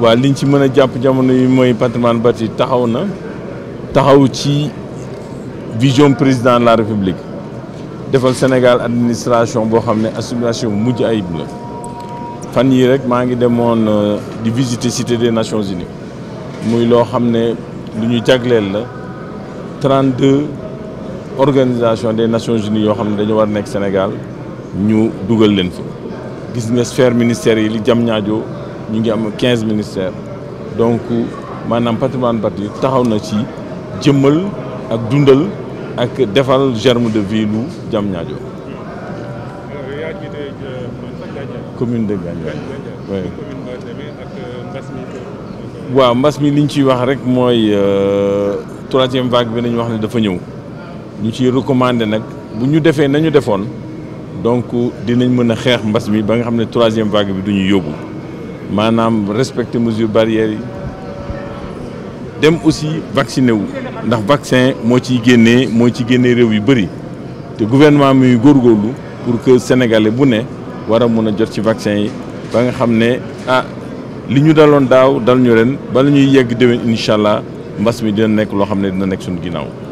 waaw liñ ci mën a jàpp jamono yi mooy patrimoine bâti taxaw na taxaw ci vision président la république defal Sénégal administration boo xam ne association bu mujj ayib la fan yii rek maa ngi demoon euh, di visiter cité des nations unies muy loo xam ne lu ñu jagleel la 32 organisation de nations unies yoo xam ne dañu war nekk Sénégal ñu dugal leen fi gis nga sphère ministère yi li jam ñaajoo ñu ngi am quinze ministères donc maanaam patrimoine bâti taxaw na ci jëmmal ak dundal ak defal germe de vie lu Diamniadio commune de Gandiaye waaw mbas mi li ñu ciy wax rek mooy euh, troisième vague bi nañu wax ne dafa ñëw ñu ci recommandé nag bu ñu defee nañu defoon donc dinañ mën a xeex mbas mi ba nga xam ne troisième vague bi du ñu yóbbu maanaam respecter mesures barrières yi dem aussi vacciné wu ndax vaccin moo ciy génnee moo ci génnee réew yu bëri te gouvernement mi góorgóorlu pour kër sénégalais bu ne war a mun a jot ci vaccin yi ba nga xam ne ah li ñu daloon daaw dal ñu ren bala ñuy yegg déwén incha allah mbas mi dina nekk loo xam ne dina nekk suñu ginnaaw.